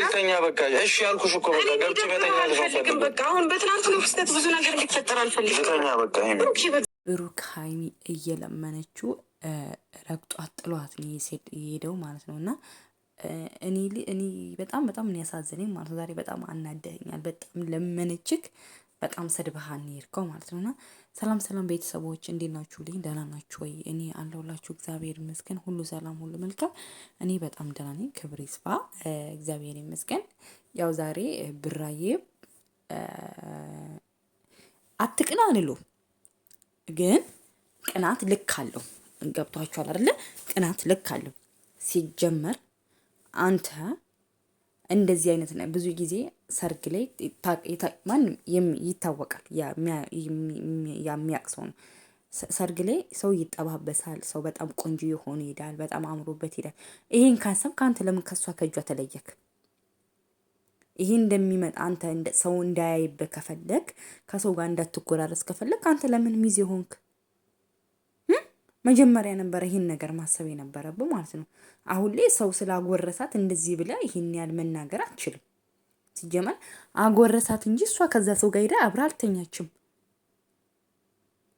ልተኛ በቃ። እሺ ያልኩሽ እኮ በቃ ገብቼ አልፈልግም። በቃ አሁን ክስተት ብዙ ነገር እንዲፈጠር አልፈልግም። በቃ። ብሩክ ሀይሚ እየለመነችው ረግጧት ጥሏት ነው የሄደው ማለት ነው እና እኔ በጣም በጣም ያሳዘነኝ ማለት ነው። ዛሬ በጣም አናደኛል። በጣም ለመነችክ በጣም ሰድብሃን የሄድከው ማለት ነው። እና ሰላም ሰላም ቤተሰቦች እንዴት ናችሁ? ልኝ ደህና ናችሁ ወይ? እኔ አለሁላችሁ። እግዚአብሔር ይመስገን፣ ሁሉ ሰላም፣ ሁሉ መልካም። እኔ በጣም ደህና ነኝ። ክብር ይስፋ፣ እግዚአብሔር ይመስገን። ያው ዛሬ ብራዬ አትቅና አንሉ፣ ግን ቅናት ልክ አለው። ገብቷችኋል አይደለ? ቅናት ልክ አለው። ሲጀመር አንተ እንደዚህ አይነት ብዙ ጊዜ ሰርግ ላይ ማንም ይታወቃል፣ የሚያውቅ ሰው ነው። ሰርግ ላይ ሰው ይጠባበሳል። ሰው በጣም ቆንጆ የሆኑ ይሄዳል፣ በጣም አምሮበት ይሄዳል። ይሄን ካሰብክ ከአንተ ለምን ከሷ ከእጇ ተለየክ? ይሄ እንደሚመጣ አንተ ሰው እንዳያይበት ከፈለግ፣ ከሰው ጋር እንዳትጎራረስ ከፈለግ አንተ ለምን ሚዜ ሆንክ? መጀመሪያ ነበረ ይህን ነገር ማሰብ የነበረብ ማለት ነው። አሁን ላይ ሰው ስላጎረሳት እንደዚህ ብለ ይህን ያህል መናገር አችልም። ሲጀመር አጎረሳት እንጂ እሷ ከዛ ሰው ጋር ሄዳ አብራ አልተኛችም።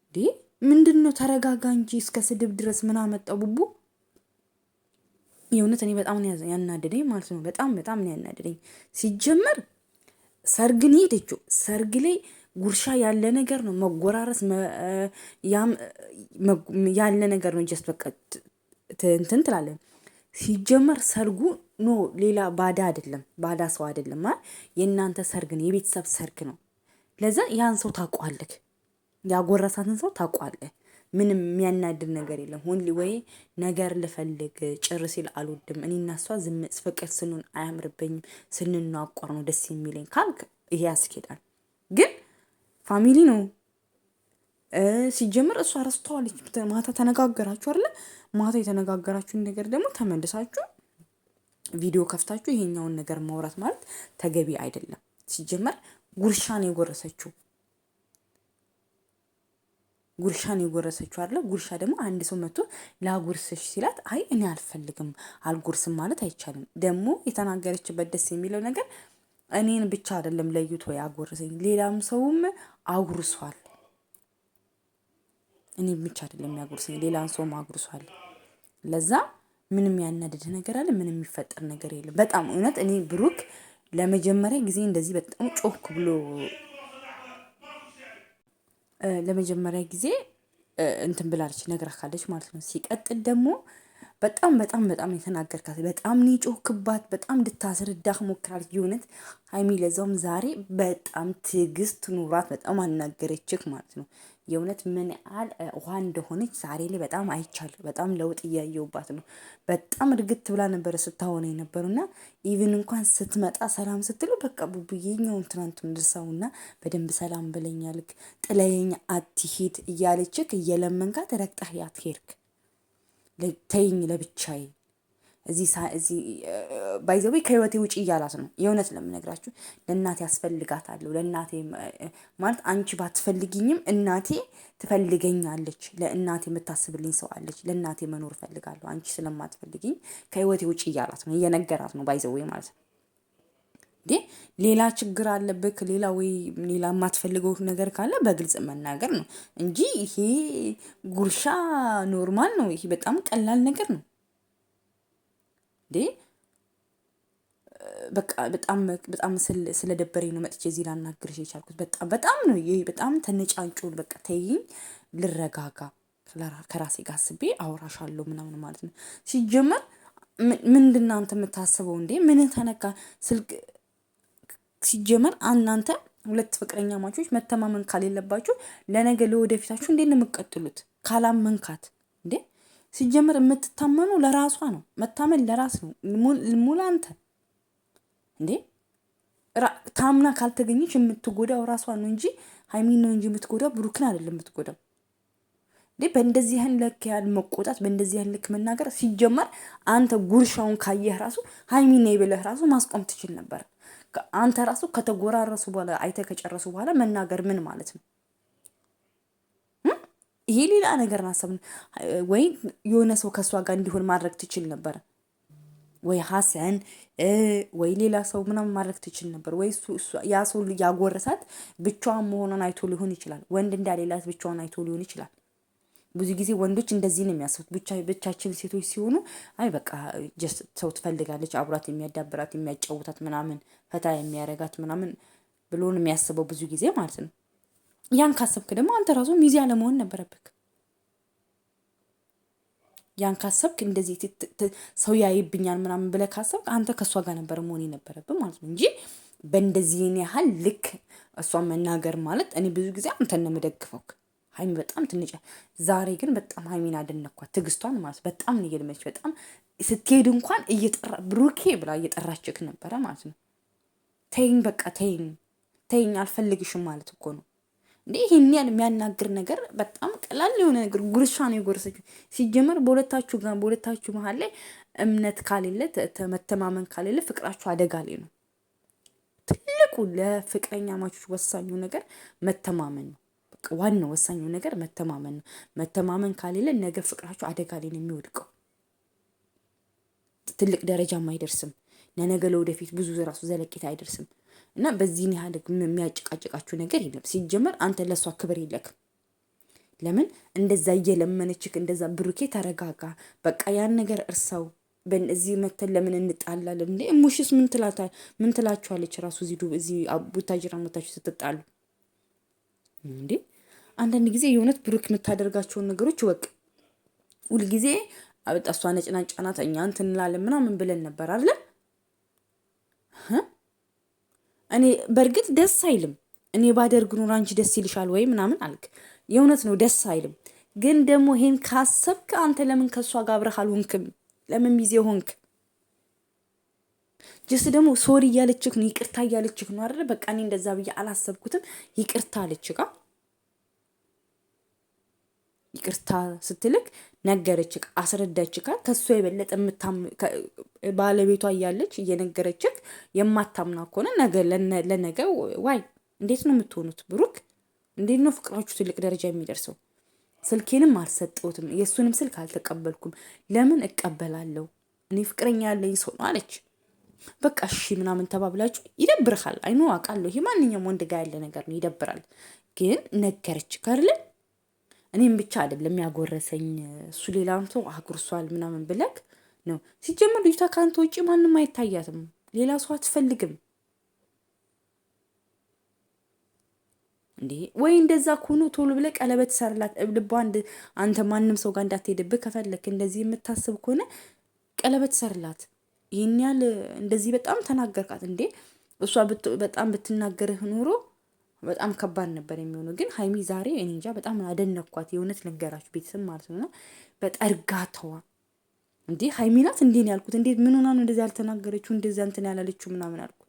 እንዴ ምንድን ነው? ተረጋጋ እንጂ እስከ ስድብ ድረስ ምን አመጣው ቡቡ? የእውነት እኔ በጣም ያናደደኝ ማለት ነው። በጣም በጣም ያናደደኝ። ሲጀመር ሰርግን ሄደችው ሰርግ ላይ ጉርሻ ያለ ነገር ነው። መጎራረስ ያለ ነገር ነው። ጀስት በቃ እንትን ትላለን። ሲጀመር ሰርጉ ኖ ሌላ ባዳ አይደለም፣ ባዳ ሰው አይደለም። ማለት የእናንተ ሰርግ ነው፣ የቤተሰብ ሰርግ ነው። ለዛ ያን ሰው ታውቋለህ፣ ያጎረሳትን ሰው ታውቋለህ። ምንም የሚያናድድ ነገር የለም። ሁንሊ ወይ ነገር ልፈልግ ጭር ሲል አልወድም። እኔ እናሷ እሷ ዝም ፍቅር ስንሆን አያምርብኝም፣ ስንናቋር ነው ደስ የሚለኝ ካልክ ይሄ ያስኬዳል። ፋሚሊ ነው። ሲጀምር እሷ ረስተዋለች። ማታ ተነጋገራችሁ አለ ማታ የተነጋገራችሁን ነገር ደግሞ ተመልሳችሁ ቪዲዮ ከፍታችሁ ይሄኛውን ነገር ማውራት ማለት ተገቢ አይደለም። ሲጀመር ጉርሻን የጎረሰችው ጉርሻን የጎረሰችው አለ። ጉርሻ ደግሞ አንድ ሰው መቶ ላጉርስሽ ሲላት አይ እኔ አልፈልግም አልጉርስም ማለት አይቻልም። ደግሞ የተናገረችበት ደስ የሚለው ነገር እኔን ብቻ አይደለም ለይቶ ያጎረሰኝ፣ ሌላም ሰውም አጉርሷል። እኔን ብቻ አይደለም ያጎርሰኝ፣ ሌላም ሰውም አጉርሷል። ለዛ ምንም ያናደድ ነገር አለ፣ ምንም የሚፈጠር ነገር የለም። በጣም እውነት እኔ ብሩክ ለመጀመሪያ ጊዜ እንደዚህ በጣም ጮክ ብሎ ለመጀመሪያ ጊዜ እንትን ብላለች ነገር አካለች ማለት ነው። ሲቀጥል ደግሞ በጣም በጣም በጣም የተናገርካት በጣም ነው ክባት በጣም እንድታስረዳህ ሞክራለች። የእውነት ሀይሚ ለዛውም ዛሬ በጣም ትዕግስት ኑራት። በጣም አናገረችህ ማለት ነው። የእውነት ምን ያህል ውሃ እንደሆነች ዛሬ ላይ በጣም አይቻለሁ። በጣም ለውጥ እያየውባት ነው። በጣም እርግት ብላ ነበረ ስታሆነ የነበሩና ኢቭን እንኳን ስትመጣ ሰላም ስትሉ በቃ ቡቡዬኛውን ትናንት ምድርሰውና በደንብ ሰላም ብለኛልክ ጥለየኛ አትሂድ እያለችክ እየለመንካት ረግጠህ ያትሄድክ ተይኝ ለብቻዬ እዚህ ባይዘዌ ከህይወቴ ውጭ እያላት ነው። የእውነት ለምነግራችሁ ለእናቴ ያስፈልጋታለሁ። ለእናቴ ማለት አንቺ ባትፈልጊኝም እናቴ ትፈልገኛለች። ለእናቴ የምታስብልኝ ሰው አለች። ለእናቴ መኖር እፈልጋለሁ። አንቺ ስለማትፈልግኝ ከህይወቴ ውጭ እያላት ነው፣ እየነገራት ነው ባይዘዌ ማለት ነው። ሌላ ችግር አለብክ፣ ሌላ ወይ ሌላ የማትፈልገው ነገር ካለ በግልጽ መናገር ነው እንጂ ይሄ ጉርሻ ኖርማል ነው። ይሄ በጣም ቀላል ነገር ነው እንዴ! በጣም በጣም ነው መጥቼ እዚህ ላናግርሽ የቻልኩት። በጣም በጣም ነው ይሄ በጣም ተነጫንጮል። በቃ ተይኝ ልረጋጋ፣ ከራሴ ጋር አስቤ አውራሻለሁ ምናምን ማለት ነው። ሲጀመር ምንድን ነው አንተ የምታስበው እንዴ? ምን ተነካ ስልክ ሲጀመር እናንተ ሁለት ፍቅረኛ ማቾች መተማመን ካሌለባችሁ ለነገ ለወደፊታችሁ እንዴት ነው የምትቀጥሉት? ካላመንካት እንዴ ሲጀመር የምትታመኑ ለራሷ ነው። መታመን ለራስ ነው። ሙላ አንተ እንዴ ታምና ካልተገኘች የምትጎዳው ራሷ ነው እንጂ ሀይሚን ነው እንጂ የምትጎዳው ብሩክን አይደለም የምትጎዳው። እንዴ በእንደዚህ ያህል ልክ ያህል መቆጣት፣ በእንደዚህ ያህል ልክ መናገር ሲጀመር አንተ ጉርሻውን ካየህ ራሱ ሀይሚን ነው የበለህ ራሱ ማስቆም ትችል ነበር። አንተ ራሱ ከተጎራረሱ በኋላ አይተ ከጨረሱ በኋላ መናገር ምን ማለት ነው? ይሄ ሌላ ነገር ናሰብ ወይ የሆነ ሰው ከእሷ ጋር እንዲሆን ማድረግ ትችል ነበር ወይ ሀሰን ወይ ሌላ ሰው ምናምን ማድረግ ትችል ነበር ወይ ያ ሰው ያጎረሳት ብቻዋን መሆኗን አይቶ ሊሆን ይችላል። ወንድ እንዳሌላት ብቻዋን አይቶ ሊሆን ይችላል። ብዙ ጊዜ ወንዶች እንደዚህ ነው የሚያስቡት። ብቻ ብቻችን ሴቶች ሲሆኑ አይ በቃ ጀስት ሰው ትፈልጋለች አብራት የሚያዳብራት የሚያጫውታት ምናምን ፈታ የሚያረጋት ምናምን ብሎ የሚያስበው ብዙ ጊዜ ማለት ነው። ያን ካሰብክ ደግሞ አንተ ራሱ ሚዜ አለመሆን ነበረብክ። ያን ካሰብክ እንደዚህ ሰው ያይብኛል ምናምን ብለህ ካሰብክ አንተ ከእሷ ጋር ነበር መሆን የነበረብን ማለት ነው እንጂ በእንደዚህን ያህል ልክ እሷ መናገር ማለት እኔ ብዙ ጊዜ አንተን ነው የምደግፈው። ሀይሚ በጣም ትንጫ። ዛሬ ግን በጣም ሀይሚን አደነኳት፣ ትግስቷን ማለት በጣም ነው እየልመች በጣም ስትሄድ እንኳን እየጠራ ብሩኬ ብላ እየጠራችክ ነበረ ማለት ነው። ተይኝ በቃ ተይኝ ተይኝ አልፈልግሽም ማለት እኮ ነው እንዴ! ይህን ያል የሚያናግር ነገር በጣም ቀላል የሆነ ነገር ጉርሻ ነው የጎረሰችው። ሲጀመር በሁለታችሁ ጋር በሁለታችሁ መሀል ላይ እምነት ካሌለ መተማመን ካሌለ ፍቅራችሁ አደጋ ላይ ነው። ትልቁ ለፍቅረኛ ማቾች ወሳኙ ነገር መተማመን ነው። በቃ ዋናው ወሳኙ ነገር መተማመን ነው። መተማመን ካሌለ ነገ ፍቅራችሁ አደጋ ላይ ነው የሚወድቀው። ትልቅ ደረጃም አይደርስም። ለነገ ለወደፊት ብዙ ራሱ ዘለቄታ አይደርስም እና በዚህን ያህል የሚያጨቃጭቃችሁ ነገር የለም። ሲጀመር አንተ ለእሷ ክብር የለክም። ለምን እንደዛ እየለመነችክ እንደዛ ብሩኬ ተረጋጋ፣ በቃ ያን ነገር እርሳው፣ በእነዚህ መተን ለምን እንጣላለን እንዴ? እሙሽስ ምን ትላችኋለች? ራሱ እዚህ ቡታጅራ መታችሁ ስትጣሉ እንዴ አንዳንድ ጊዜ የእውነት ብሩክ የምታደርጋቸውን ነገሮች ወቅ ሁልጊዜ አበጣ እሷ ነጭናጫ ጫናት እኛ እንትን እንላለን ምናምን ብለን ነበር አለ። እኔ በእርግጥ ደስ አይልም። እኔ ባደርግ ኑሮ አንቺ ደስ ይልሻል ወይ ምናምን አልክ። የእውነት ነው ደስ አይልም። ግን ደግሞ ይሄን ካሰብክ አንተ ለምን ከእሷ ጋር አብረህ አልሆንክም? ለምን ሚዜ ሆንክ? ጀስ ደግሞ ሶሪ እያለችክ ነው፣ ይቅርታ እያለችክ ነው አይደለ? በቃ እኔ እንደዛ ብዬ አላሰብኩትም፣ ይቅርታ አለችካ ይቅርታ ስትልክ ነገረችክ፣ አስረዳችካ። ከሱ የበለጠ ባለቤቷ እያለች እየነገረችክ የማታምና ከሆነ ነገ ለነገ ዋይ እንዴት ነው የምትሆኑት? ብሩክ እንዴት ነው ፍቅራችሁ ትልቅ ደረጃ የሚደርሰው? ስልኬንም አልሰጠሁትም፣ የእሱንም ስልክ አልተቀበልኩም። ለምን እቀበላለሁ? እኔ ፍቅረኛ ያለኝ ሰው ነው አለች። በቃ እሺ ምናምን ተባብላችሁ ይደብርሃል። አይኖ አውቃለሁ። ይሄ ማንኛውም ወንድ ጋር ያለ ነገር ነው፣ ይደብራል። ግን ነገረች ከርልን እኔም ብቻ አይደለም ያጎረሰኝ እሱ ሌላም ሰው አጉርሷል ምናምን ብለክ ነው። ሲጀምር ልጅቷ ከአንተ ውጭ ማንም አይታያትም። ሌላ ሰው አትፈልግም እንዴ? ወይ እንደዛ ከሆኑ ቶሎ ብለ ቀለበት ሰርላት። ልቧ አንተ ማንም ሰው ጋር እንዳትሄድብህ ከፈለክ እንደዚህ የምታስብ ከሆነ ቀለበት ሰርላት። ይህን ያህል እንደዚህ በጣም ተናገርካት እንዴ? እሷ በጣም ብትናገርህ ኑሮ በጣም ከባድ ነበር የሚሆነው። ግን ሀይሚ ዛሬ እኔ እንጃ በጣም አደነኳት። የእውነት ልንገራችሁ ቤተሰብ ማለት ነው በጠርጋተዋ እንዴ ሀይሚ ናት እንዴ ነው ያልኩት። እንዴት ምን ሆና ነው እንደዚህ ያልተናገረችው እንደዚ እንትን ያላለችው ምናምን አልኩት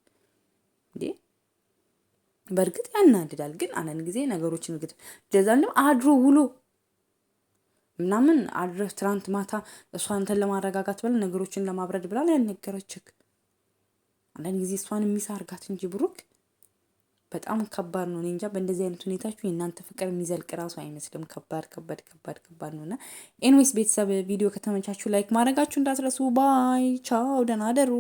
እንዴ። በእርግጥ ያናድዳል፣ ግን አንዳንድ ጊዜ ነገሮችን እርግጥ ደዛል አድሮ ውሎ ምናምን አድረ ትናንት ማታ እሷ ለማረጋጋት ብላ ነገሮችን ለማብረድ ብላ ያልነገረችክ አንዳንድ ጊዜ እሷን የሚሳ እንጂ ብሩክ በጣም ከባድ ነው። እኔ እንጃ በእንደዚህ አይነት ሁኔታችሁ የእናንተ ፍቅር የሚዘልቅ ራሱ አይመስልም። ከባድ ከባድ ከባድ ከባድ ነው እና ኤንዌስ ቤተሰብ ቪዲዮ ከተመቻችሁ ላይክ ማድረጋችሁ እንዳትረሱ። ባይ ቻው፣ ደህና አደሩ።